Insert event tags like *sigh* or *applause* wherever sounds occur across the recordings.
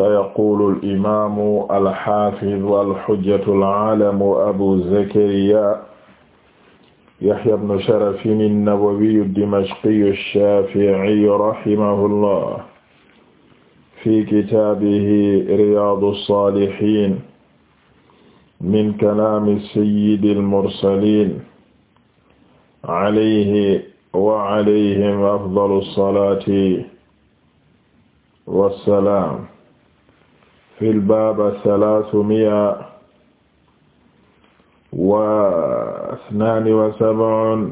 sayaqulu al'imamu alxafidu alxujjatu alalamu abu zakariya yahya bnu sharafin annawawiyu dimashqiyu alshafiiyu rahimahullah fi kitaabihi riyaadu saalihiin min kalaami sayyidi almursaliin alayhi wa alayhim afdalu salaati wassalaam fil baaba salaasumiya wa isnaani wa sab'un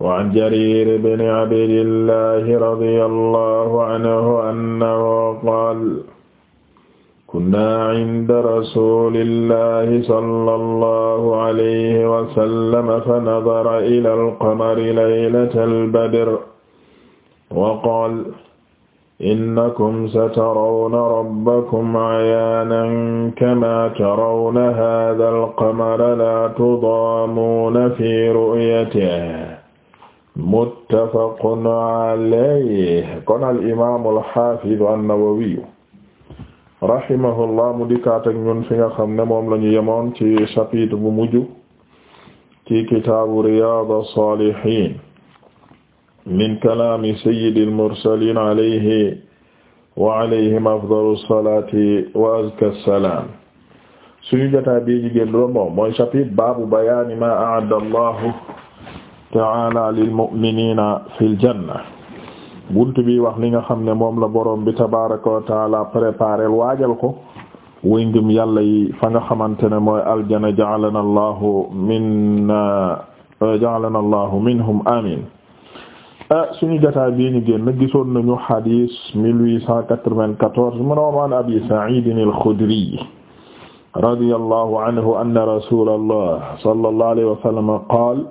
wa an Jariir ibn Abdillahi radiyallahu anhu annahu qaala kunnaa inda rasuulillahi sallallahu alayhi wa sallam fanadara ilal qamari laylatal badri wa qaala innakum satarawna rabbakum cayaanan kamaa tarawna haadha alqamara laa tudaamuuna fi ru'yatihi muttafaqun calayhi kon al-imaamu al-xaafidu an-nawawiyu rahimahullah mu dikkaat ak ñun fi nga xam ne moom lañu yemoon ci chapitre bu mujj ci kitaabu riyaadu saalihiin min kalaami sayyidil mursaliin alayhi wa alayhim afdalu salaati wa azka salaam suñu jotaay bii jigéen rombo mooy chapitre baabu bayaani maa a'adda Allahu ta'aala lil mu'miniina fil janna bunt bi wax li nga xam ne moom la boroom bi tabaaraka wa ta'aala préparé waajal ko way ngëm yàlla yi fa nga xamante ne mooy aljana ja'alana Allahu minna ja'alana Allahu minhum amiin Ah, suñu jotaay bii ñu génn gisoon nañu xadiis 1894 mu rawaan Abi Sa'iid al-Xudri radiyallahu anhu anna rasuulallah sallallahu alayhi wa sallam qaala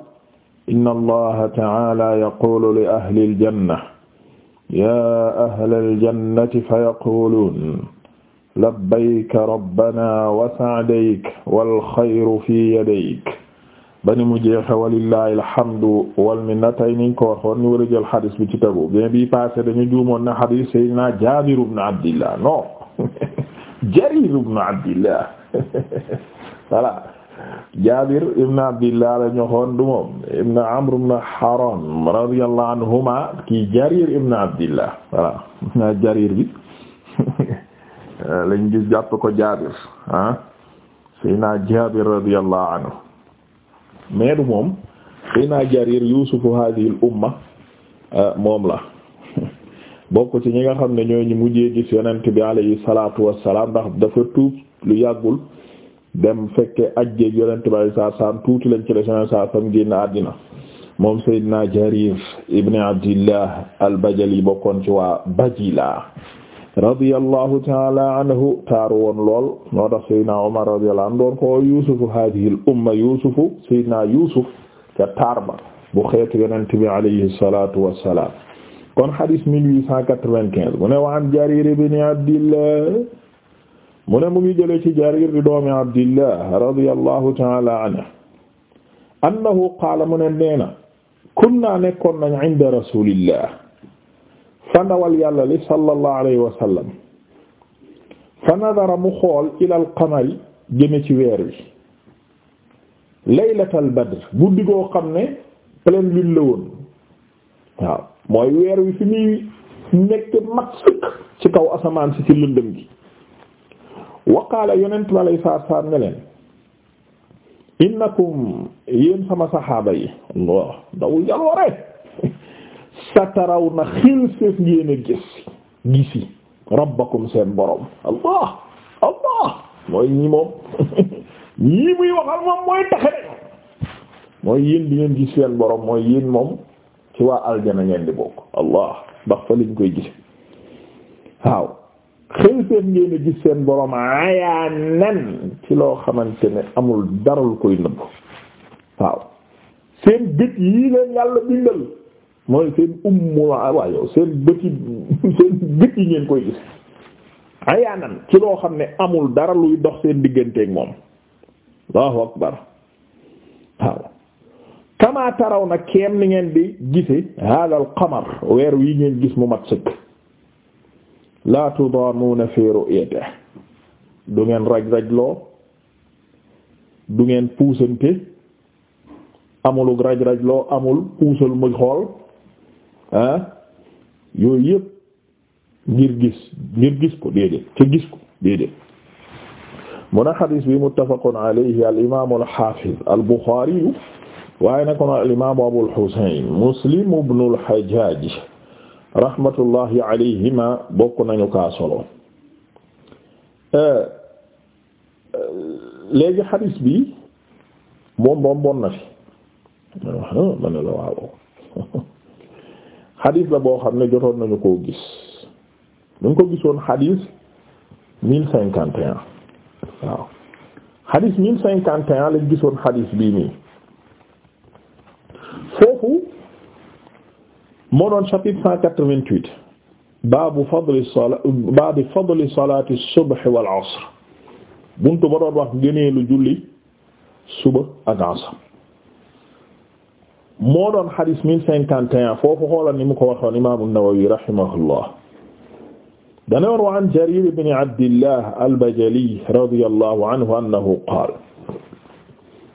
inna allaha ta'aala yaquulu li ahli al-janna yaa ahla al-jannati fayaquuluuna labbayka rabbanaa wa sa'dayka wal xayru fii yadayka ba ni mu jeexe walillahi alhamdu wal minna tay ko waxoon ñu war a jël xadis bi ci tegu bien bi passé dañu juumoon na xadis Jarir ibn Abdillah voilà Jaabir Jarir ibn Abdillah voilà na Jarir bi *laughs* lañ gis ko Jaabir ah, mais du moom Seydina Jarir yusufu hadhihi al umma euh, moom la *laughs* bokk ci ñi nga xam ne ñooy ñu mujjee gis yonent bi alayhi salaatu wassalaam ndax dafa tuub lu yàggul dem fekke ajjeeg yonent bi alayhi salaatu wassalaam tuuti lañ ci génn àddina moom Seydina Jarir ibn Abdillah al-Bajali bokkoon ci waa Bajila radiyallahu taala anhu taaru woon lool noo tax Seydina Omar radiyallahu anhu doon ko yusufu hadihi l umma yusufu Seydina Yusuf ca taar ba bu xeetu yonent bi alayhi salatu wassalam kon hadis 1895 mu ne wa an Jarir ibn Abdillah mu ne mu ngi jëlee ci Jarir di doomi Abdillah radiyallahu taala anhu annahu qaala mu ne nee na kunna nekkoon nañ inda rasulillah fa ndawal yàlla li sallallahu alayhi wa fa nadara mu xool ilal qamari jëme ci weer wi laylatal badr guddi goo xam ne pleine lune la woon waaw mooy weer wi fi muy nekk mat sëkk ci kaw asamaan si ci lëndëm gi waqaala yonent bi alayhi salaatu salaam ne leen innakum yéen sama saxaaba yi allah dawul jaloore sataraw na xil seef ngeen gis gisi rabbakum seen borom allah allah mooy ñi moom *laughs* ñii muy waxal moom mooy taxe mooy yéen di ngeen gis seen boroom mooy yéen moom ci waa aljana ngeen di bokk allah ndax fa lañ koy gis waaw xel seef ngeen gis seen borom ayaanan ci loo xamante ne amul dara lu koy nëbb waaw seen bët yii leen yàlla bindal mooy seen ummu waaw yow seen bëti *laughs* seen bëti ngeen koy gis ayaanan ci loo xam ne amul dara luy dox seen digganteeg moom allahu akbar waaw kama na keem ni ngeen di gise hada al weer wi ngeen gis mu mat sëkk la tudaamuuna fi ru'yatihi du ngeen raj raj loo du ngeen puusante amulug raj raj loo amul puusal muy xool ah yooyu yëpp ngir gis ngir gis ko déedéet ca gis ko déedéet mu ne xadis bi muttafaqun alayhi al imaamu al xaafiz al buxaari waaye nag al imaamu abul xusayn muslim ibnul xajjaaj rahmatullahi alayhima bokk nañu kaa solo léegi xadis bi moom moom bon na fi man la waaw *laughs* xadis la boo xam ne jotoon nañu koo gis ñu ko gisoon xadis mille cinquante et un waaw xadis mille cinquante et un lañ gisoon xadis bii nii foofu moo doon chapitre cent quatre-vingt-huit baabu fadli sala baabu fadli salaati subh wal asr buntu ba moo doon xadis mille cinquante et un foofu xoolal ni mu ko waxoon imam an-Nawawi rahimahullah dana war wa an Jarir ibn Abdillah al-Bajali radiyallahu anhu annahu qaala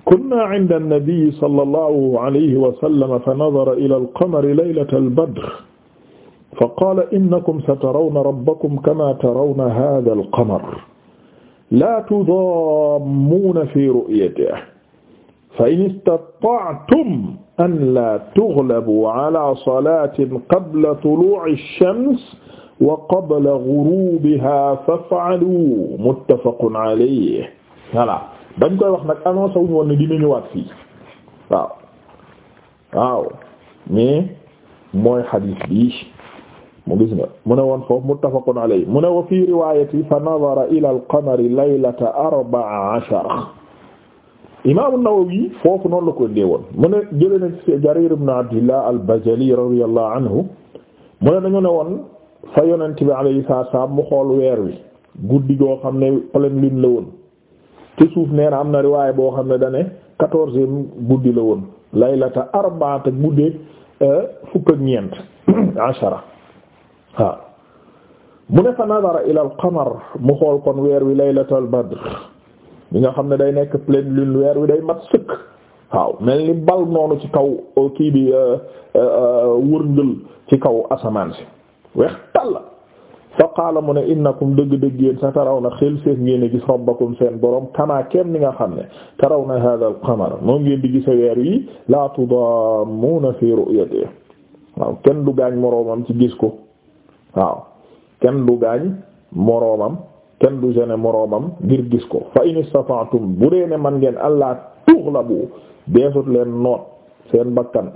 kunna inda an-nabi sallallahu alayhi wa sallam fa nadara ila al-qamari laylata al-badr fa qaala innakum satarawna rabbakum kama tarawna haadha al-qamar laa tudaamuuna fi ru'yatihi fa in istata'tum an la tughlabu ala salatin qabla tulu'i ash-shams wa qabla ghurubiha faf'alu muttafaqun alayhi voilà dañ koy wax nag annoncé wuñu woon ne dina ñëwaat fii waaw waaw mais mooy xadiis bi mu gis nga mu ne woon foofu muttafaqun alayhi mu ne wa fi riwaayati fa nadara ila al-qamari laylata arba'a ashara imaamu Nawawi foofu noonu la ko deewoon mu ne jëlee na ci Jarir ibn Abdillah al-Bajali radiyallahu anhu mu ne dañu ne woon fa yonent bi alayhi salaam mu xool weer wi guddi goo xam ne pleine lune la woon te suuf nee am na riwaay boo xam ne da ne guddi la woon laylata arbaata guddee euh, fukk ak ñeent *coughs* ashara waaw mu ne fa nazara ila al qamar mu xool kon weer wi laylatal badr bi nga xam ne day nekk pleine lune weer wi day mat sëkk waaw mel ni bal noonu ci kaw euh, kii bi euh, euh, wërngël ci kaw asamaan si weex tàll fa qaala mu ne innakum dëgg-dëgg yéen sa taraw na xel seef ngeen gis rabbakum seen borom kama kenn ni nga xam ne taraw na hada al moom ngeen di gisa weer wi la tudammuuna fi ru'yatihi waaw kenn du gaañ moroomam ci gis ko waaw kenn du gaañ moroomam kenn du gene moroomam ngir gis ko fa in istata'tum bu dee ne man ngeen allah tughlabu deesut leen noot seen bakkan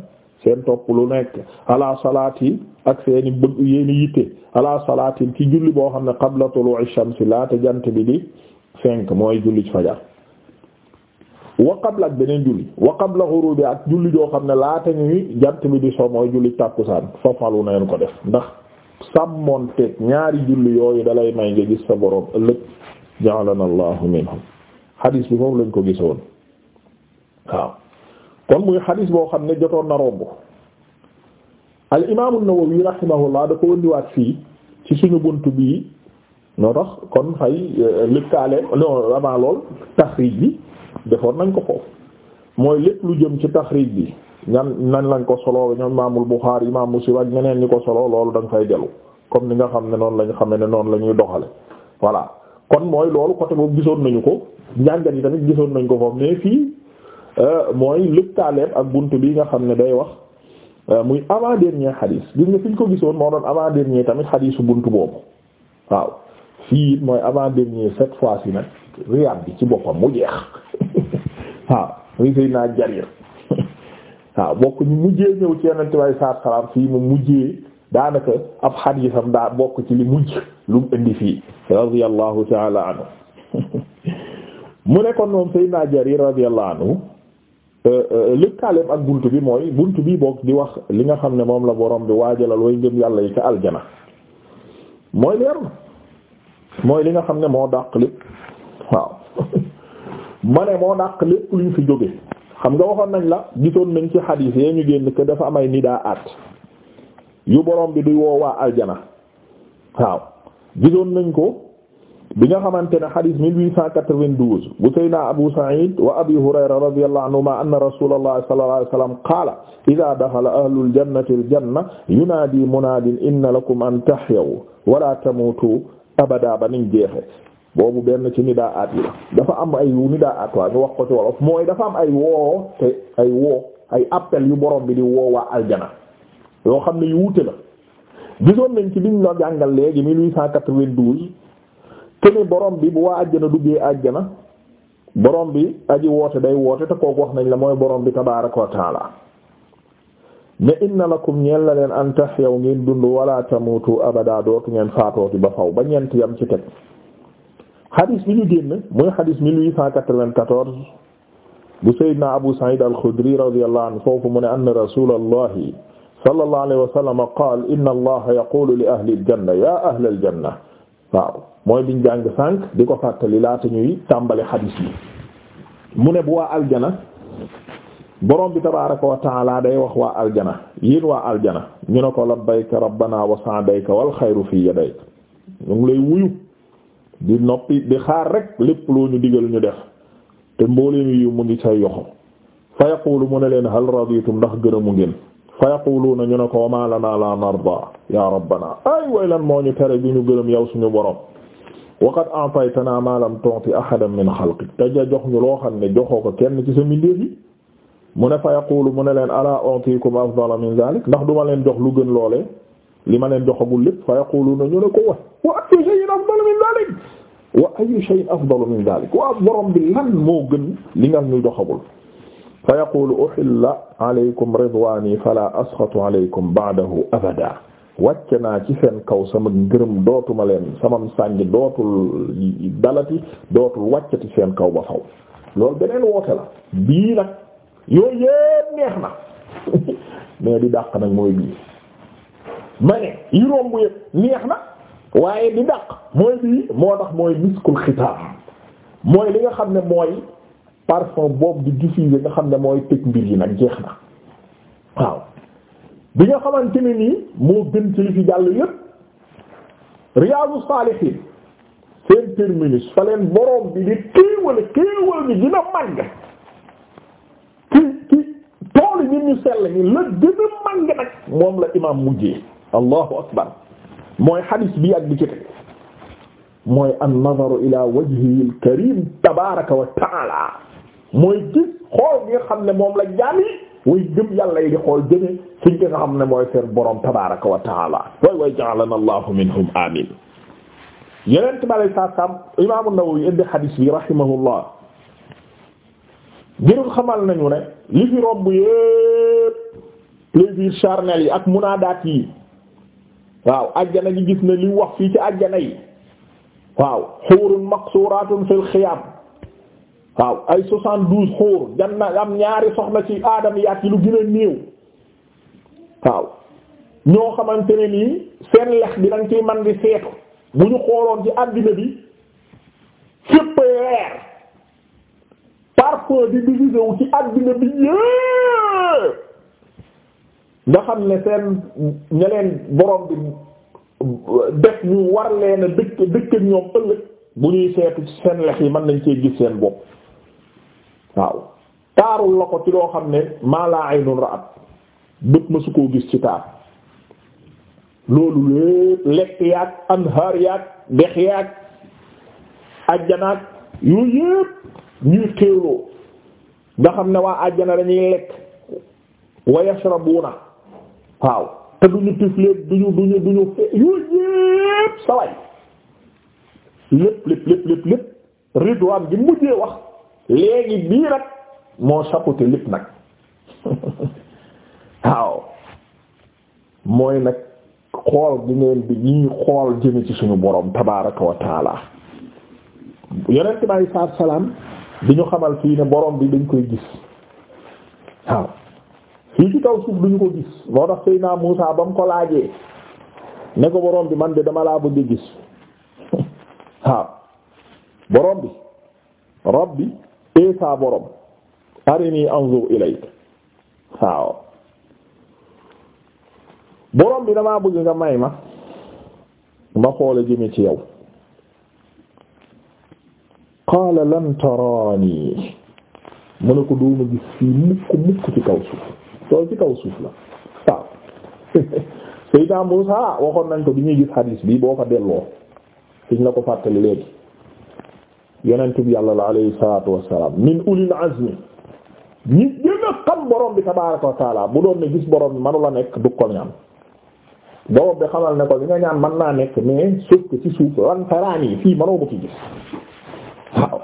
seen topp lu nekk ala salaati ak seeni bëgg yeeni yitte ala salaatin ci julli boo xam ne qabla tulu'i shamsi laata jant bi di fenk mooy julli fajar wa qabla ak beneen julli wa qabla ghurubi ak julli joo xam ne laata ñuy jant bi di so mooy julli tàkkusaan fofalu na leen ko def ndax sàmmoonteeg ñaari julli yooyu dalay may nga gis sa borom ëllëg ja'alana allahu minhum xadis bi foofu lañ ko gisoon waaw kon muy xadis boo xam ne jotoon na romb al imaamu nawawi rahimahullah da wëndiwaat fii ci suñu bunt bii noo tax kon fay euh, lëkkaaleem non avant lool taxriij bi defoon nañ ko foofu mooy lépp lu jëm ci taxriij bi ñan nan lañ ko solo ñoom imaamul Buxaari imaam Muslim ak ñeneen ñi ko solo loolu da nga fay jëlu comme ni nga xam ne noonu lañu xam xamee ne noonu la ñuy doxale voilà kon mooy loolu côté boobu gisoon nañu ko njàngat yi tamit gisoon nañ ko foofu mais fii euh, mooy lëkkaaleem ak buntu bi nga xam ne day wax euh, muy avant dernier xadiis gis nga fi ko gisoon moo doon avant dernier tamit xadiisu buntu boobu waaw fii it mooy avant dernier cette fois ci nag riyaat bi ci boppam mu jeex *laughs* waaw muy Seydina Jarir waaw bokk ñu mujjee ñëw ci yonent bi saa salaam fii mu mujjee daanaka ab xadiisam daa bokk ci li mujj lu mu indi fii radiyallahu taala anhu *laughs* mu ne kon moom Seydina Jarir radiyallahu anhu euh, euh, lëkkaaleem ak bunt bi mooy bunt bi boog di wax li nga xam ne moom la borom bi waajalal way ngëm yàlla yi ca aljana mooy leer mooy li nga xam ne moo dàq lépp waaw *laughs* ma ne moo dàq lépp luñ fi jóge xam nga waxoon nañ la gisoon nañ ci xadiis yee ñu génn que dafa nidaa at yu borom bi du woo waa aljana waaw gisoon nañ ko bi nga xamante ne xadiis 1892 bu sayna Abu Sa'id wa Abi Hurayra radiyallahu anhuma anna rasulallah sallallahu alayhi wasallam qaala idaa daxala ahlul jannati aljanna yunaadi munaadin inna lakum an tahyaw wa la abada ba niñ jeexe boobu benn ci nidaat yi la dafa am ay nidaat waa ñu wax ko ci wolof mooy dafa am ay woo te ay woo ay appel yu boroom bi di woo waa aljana yoo xam ne yu wute la gisoon nañ ci liñ la jàngal léegi 1892 te ni boroom bi bu waa aljana duggee aljana borom bi aji woote day woote te kook wax nañ la mooy borom bi tabaaraka wa taala ne inna lakum ñeen la leen an tahyaw ngeen dund walaa tamutu abada dootu ngeen faatooti ba faw ba ñeent yam ci teg xadis bi ñu génn mooy xadis 1894 bu Seydina Abu Sa'id al-Khudri radiyallahu anhu foofu mu ne anna rasulallahi sallallahu alayhi wa sallam qaala inna allaha yaqulu li ahli aljanna ya ahla aljanna waaw mooy biñ jàng sànq di ko fàttali laata ñuy tàmbali xadis yi mu ne bu waa aljana borom bi tabaaraka wa ta'ala day wax waa aljana yéen waa aljana ñu ne ko labbayka rabbana wa sa'dayka wal xayru fi yadayka ñu ngi lay wuyu di noppi di xaar rek lépp loo ñu digal ñu def te mbooleem yi mu ngi say yoxo fa mu ne leen hal raditum ndax mu ngeen fa yaquluuna ñu ne ko wama lana la narda ya rabbana ay way moo ñu tere bi ñu gërëm yow suñu borom waqad a'taytana ma lam tu'ti ahadan min xalqik te jox ñu loo xam ne joxoo ko kenn ci sa mindeef yi mu ne fa yaqulu mu ne leen ala u'tikum afdala min zalik ndax duma leen jox lu gën loolee li ma leen joxagul lépp fa yaquluna ñu ne ko wax wa ayu shay'in afdalu min dhalik wa ayu shay'in afdalu min dhalik waa borom bi lan moo gën li nga ñu joxagul fa yaqulu uhilla alaykum ridwani fala asxatu alaykum ba'dahu abada wàcc naa ci seen kaw sama ngërëm dootuma leen sama sàngi dootul dalati dootul wàccati seen kaw ba faw loolu beneen woote la bii nag yooyu yépp neex na *laughs* mais di dàq nag mooy bii ma ne romb yëpp neex na waaye di dàq mooy bii moo tax mooy miskul xitaam mooy li nga xam ne mooy parfum boobu di diffuser nga xam ne mooy tëj mbir yi nag jeex na waaw bi nga xamante ne nii moo gën ci li fi jàll yëpp Riyadous Salihine seen terminus fa leen borom bi di kéewale kéewal bi dina màgg ci ci tool yi ñu sell ñi la gën a màgg nag moom la imaam mujjee. allahu akbar mooy xadis bi ak bi ci teg mooy an nazaru ila wajhil karim tabaraka wa taala mooy gis xool bi nga xam ne moom la jaam yi way gëm yàlla yi di xool jëme suñ ko nga xam ne mooy seen borom tabaraka wa taala way way ja'alana allahu minhum amin yeneen bi alay saat salam imaamu Nawawi indi xadis bi rahimahullah ngir xamal nañu ne li fi romb yépp plaisir charnel yi ak munadaat yi waaw ajjana gi gis na li wax fii ci ajjana yi waaw xuurun maqsuratun fil xiyam waaw ay xuur janna am ñaari soxna ci aadam yaat yi lu gën a néew waaw ñoo xamante ne nii seen lex bi dañ ciy man di seetu bu ñu xooloon ci àddina bi fépp leer parfois di diviser wu ci àddina bi yépp nga xam ne seen ña leen borom bi def ñu war leen a dëkk dëkk ñoom ëllëg bu ñuy seetu seen lex yi mën nañ cee gis seen bopp waaw taarul la ko ci loo xam ne maa laa aynun ra'at bët ma su koo gis ci taar loolu lépp lekk yaag anhaar yaag dex yaag ajjanaak yooyu yépp ñuy xéewloo nga xam ne waa ajjana dañuy lekk wa yashrabuuna waaw te duñu tifleet duñu duñu duñu fe yooyu yépp saway lépp lépp lépp lépp lépp ridwaan mujjee wax léegi bii nag moo sapote lépp nag *laughs* waaw mooy nag xool gi ngeen bi ñuy xool jëme ci suñu borom tabaraka wa taala yonent bi salaam bi ñu xamal fii ne boroom bi dañ koy gis waaw fii ci kaw ko gis moo tax Seydina Muusa ba mu ko laajee ne ko borom bi man de dama laa bëgg gis *laughs* waaw borom bi rabbi eesa borom arini anzur ilayk waaw bi damaa bëgg nga may ma ma xoole jëme ci yow qaala lan taraani mu ne ko duma gis fii mukk mukk ci kaw suuf loolu ci kaw suuf la waaw Seydina *laughs* Muusaa waxoon nañ ko bi ñuy gis xadiis bi boo fa delloo fiñ la ko fàttali léegi yonent yàlla la alayhi salaatu wassalaam min ulil azmi ñi gën a xam borom bi tabaaraka wa taala bu doon ne gis borom bi manu nekk du ko bi xamal ne ko li nga ñaan man naa nekk mais suuf ci suuf lan taraan yi fii manoo ko gis waaw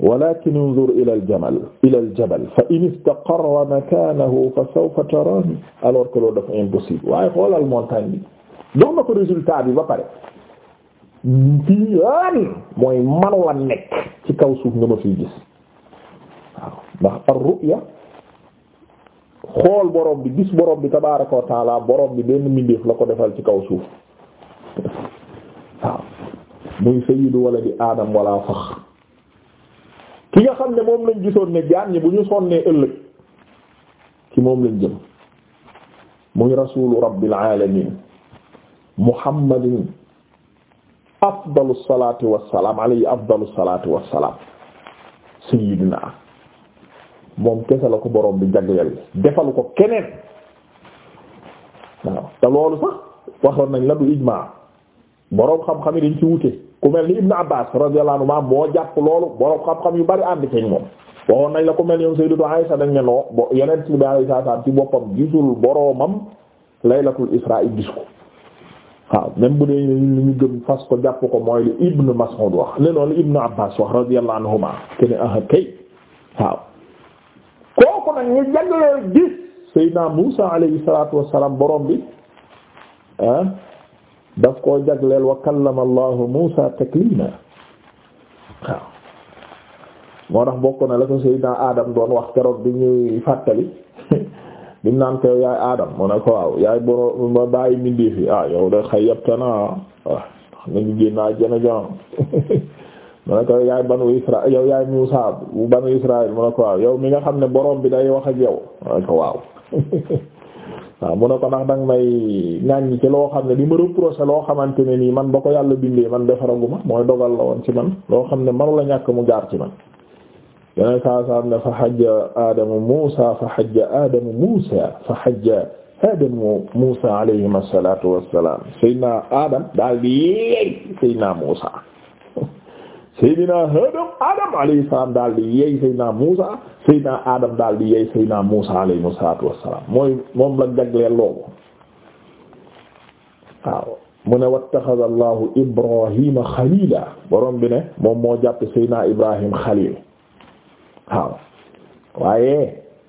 walakin unzur ila aljamal ila aljabal fa in istaqarra makanahu fa sawfa tarani alors que loolu dafa impossible waaye xoolal montagne bi jox na ko résultat bi ba pare fii ah lan mooy man la nekk ci kaw suuf nga ma fiy gis waaw ndax ar-ru'ya xool borom bi gis borom bi tabaaraka wa taala borom bi benn mbindeef la ko defal ci kaw suuf waaw muy sayyidu waladi aadam wala fax ki nga xam ne moom lañ gisoon ne jaan ñi bu ñu sonnee ëllëg ci moom lañ jëm muy rasuulu rabbil alamin muhammadin afdalu salaati wassalaam alayhi afdalu salaati wassalaam sayyidina moom kese la ko borom bi jagleel defalu ko keneen waaw te loolu sax waxoon nañ la du ijmaa boroom xam-xam yi dañ ci wute ku mel ni Ibn Abbas radiyallahu anhuma moo jàpp loolu borom xam-xam yu bari ànd ci moom waxoon nañ la ku mel ni Sayyidatu Aisha dañ ne non bo yeneen ci biir saa saa ci boppam gisul boromam laylatul Isra gis ko waaw même bu dee li ñu gëm fas ko jàpp ko mooy li Ibn Mas'ud wax ne noonu Ibn Abbas wax radiyallahu anhuma kene ah kay waaw kooku nag ñu jagleel gis Sayyidina Musa alayhi salatu wassalam borom bi ah, daf koo jagleel wa kallama allahu Muusa taklima waaw moo tax bokk na la ko Seydina Adam doon wax keroog bi ñuy fàttali *laughs* bi mu naan ko yaay Adam mu ne ko waaw yaay borom ma bàyyi mbindeef yi ah yow de xayyabtana ah na ñu génn àjjana jaam *laughs* mu ne ko yaay banu Israël yow yaay Muusa banu Israël mu ne ko waaw yow mi nga xam ne boroom bi day wax ak yow mu ne ko waaw *laughs* waaw mu ne ko ndax danga may ñaañ ci loo xam ne di ma reprocher loo xamante ne nii man ba ko yàlla bindee man defaraguma mooy dogal la woon ci man loo xam ne manu la ñàkk mu jaar ci man yeneen saa saa am ne fa xajja aadamu muusa fa xajja aadamu muusa fa xajja aadamu muusa alayhim asalaatu wassalaam sayyidina adam daal di yeey sayyidina muusa Seydina Adam Adam alayhi salaam daal di yeey Seydina Muusa Seydina Adam daal di yeey Seydina Muusa alayhi salaatu wassalaam mooy moom la jagleel loolu waaw mu ne wattaxaza Allahu Ibrahima xaliila borom bi ne moom moo jàpp Seydina Ibrahim xaliil waaw waaye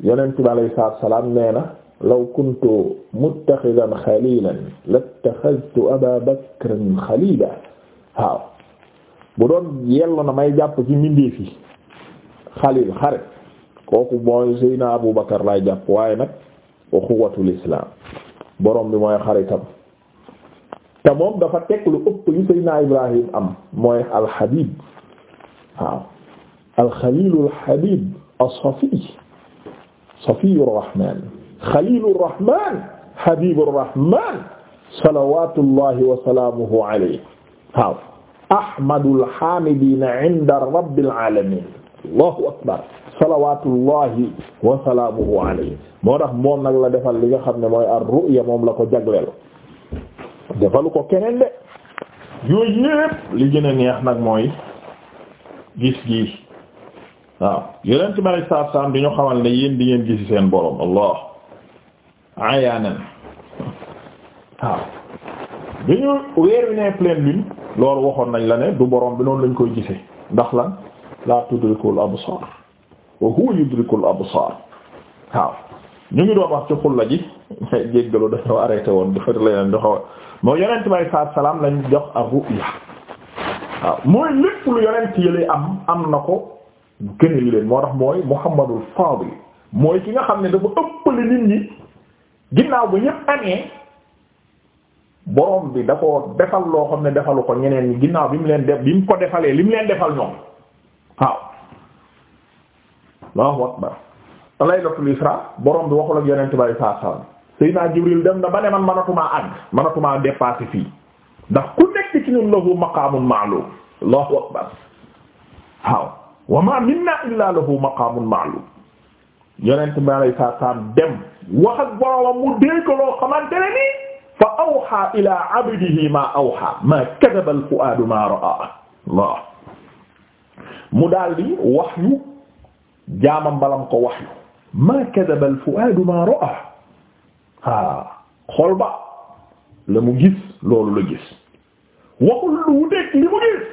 Yonent bi alayhi salaatu wassalaam nee na law kuntu muttaxidan xaliilan lattaxaztu Abaa Bakrin xaliila waaw. bu doon yellu na may jàpp ci mbindeef yi xalil xare kooku mooy Seydina Abu Bakar laay jàpp waaye nag uxuwatul islam borom bi mooy xaritam te moom dafa teg lu ëpp li Seydina Ibrahim am mooy alxabib waaw alxalilu alxabib as-safi safiyu rahmaan xalilu rahmaan habibu rahmaan salawatullahi wa salaamuhu alayhi waaw ahmadul hamidina inda rabbil alamin allahu akbar salawatullahi wa salaamuhu alayhi moo tax moom nag la defal li nga xam ne mooy ar-ru'ya moom la ko jagleel defalu ko keneen de yooyu yépp li gën a neex nag mooy gis gii waaw yeneen ci mari saab saam di ñu xamal ne yéen di ngeen gisi seen borom allah ayaanan waaw bi ñu weer wi ne loolu waxoon nañ la ne du borom bi noonu lañ koy gisee ndax lan la tudrikul absar wa huwa yudrikul absar waaw ñu ngi doon wax ci xulla ji jéggalu dañoo arrêté woon dafa leneen doxawa moo yonent bi alayhi salaam lañ jox ar waaw mooy lépp lu yonent yële am am na ko gëne yu leen moo tax mooy Muhammadul Faadil mooy ki nga xam ne dafa ëppale nit ñi ginnaaw ba ñëpp amee borom bi da ko defal loo xam ne defalu ko ñeneen ñi ginnaaw bi mu leen def bi mu ko defalee li mu leen defal ñoom waaw Allahu akbar laylatul isra borom bi waxul ak yonent bi saa saa Seydina Jibril dem na ba ne man manatumaa àgg manatumaa dépasser fii ndax ku nekk ci ñun lahu maqaamun ma'lum Allahu akbar waaw wa ma minna illa lahu maqaamun ma'lum yonent bi saa saa dem wax ak boromam mu dégg loo xamante ne nii fa awxaa ilaa abdihi maa awxaa maa kadaba al fuaadu maa raa waaw mu daldi wax yu jaamam balam ko wax yu maa kadaba al fuaadu maa raa ah xol ba la mu gis loolu la gis waxul lu wuteeg li mu gis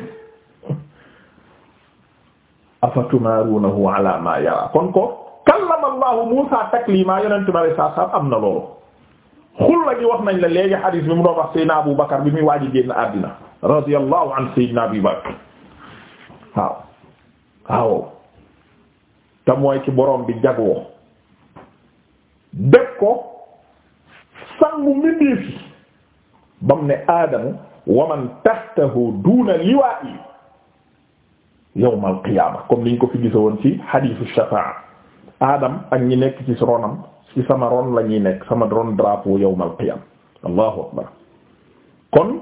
afatumaaruunahu ala maa yaraa kon ko kallama allahu Muusaa takliimaa yonent bi sallallahu alayhi wa sallam am na loolu. xulla gi wax nañ la léegi xadiis bi mu doon wax Seydina Abu Bakar bi muy waaji génn àddina radiyallahu an Seydina Abu Bakar waaw waaw te mooy ci borom bi jagoo dëkk ko sangu mbindeef yi bam ne aadamu wa man tahtahu duuna liwaa'i yawmal qiyaama comme niñ ko fi gisawoon ci xadiisu shafaa adam ak ñi nekk ci ronam ci sama ron la ñuy nekk sama ron drapeau yawmal qiyam allahu akbar kon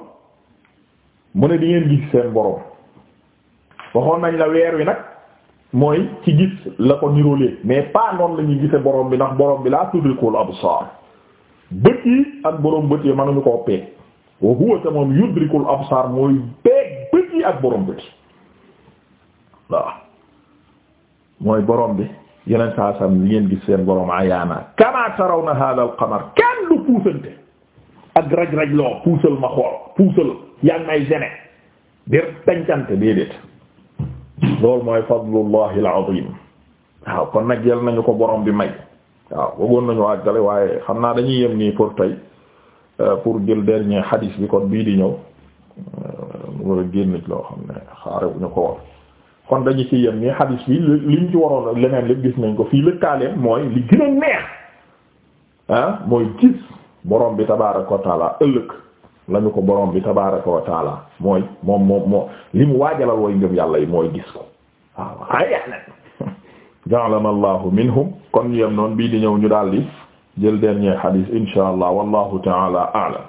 mu ne di ngeen gis seen borom waxoon nañ la weer wi nag mooy ci gis la ko nirolee mais pas noonu la ñuy gise boroom bi ndax boroom bi laa tudrikul absar bët yi ak borom bët yi mënuñu koo peeg wa huwa ta moom yudrikul absar mooy bët yi ak borom bët yi waaw mooy borom bi yeneen saa sam li ngeen gis seen borom ayaana kama tarawna hada al qamar kenn du puusante ak raj-raj loo puusal ma xool puusal yaa ngi may gene dér tancante déedéet loolu mooy fadlullahi al azim kon nag yal nañu ko boroom bi may waaw bëggoon nañu àggale waaye xam naa dañuy yem nii pour tey euh, pour jël dernier hadith bi kon bii di ñëw euh, mu war a génn loo xam ne xaarewu ñu ko woon kon dañu ci yem ni hadis bi liñ ci waroon leneen lépp gis nañ ko fii lëkkaaleen mooy li gën a neex ah, mooy gis borom bi tabaaraka wa ëllëg lañu ko borom bi tabaaraka wa taala mooy moom moom moom li mu waajalal way ngëm yàlla yi mooy gis ko waaw xay nag *laughs* ja'alana allahu minhum kon yem noonu bii di ñëw ñu daal di jël dernier hadis insha allah wallahu taala a'lam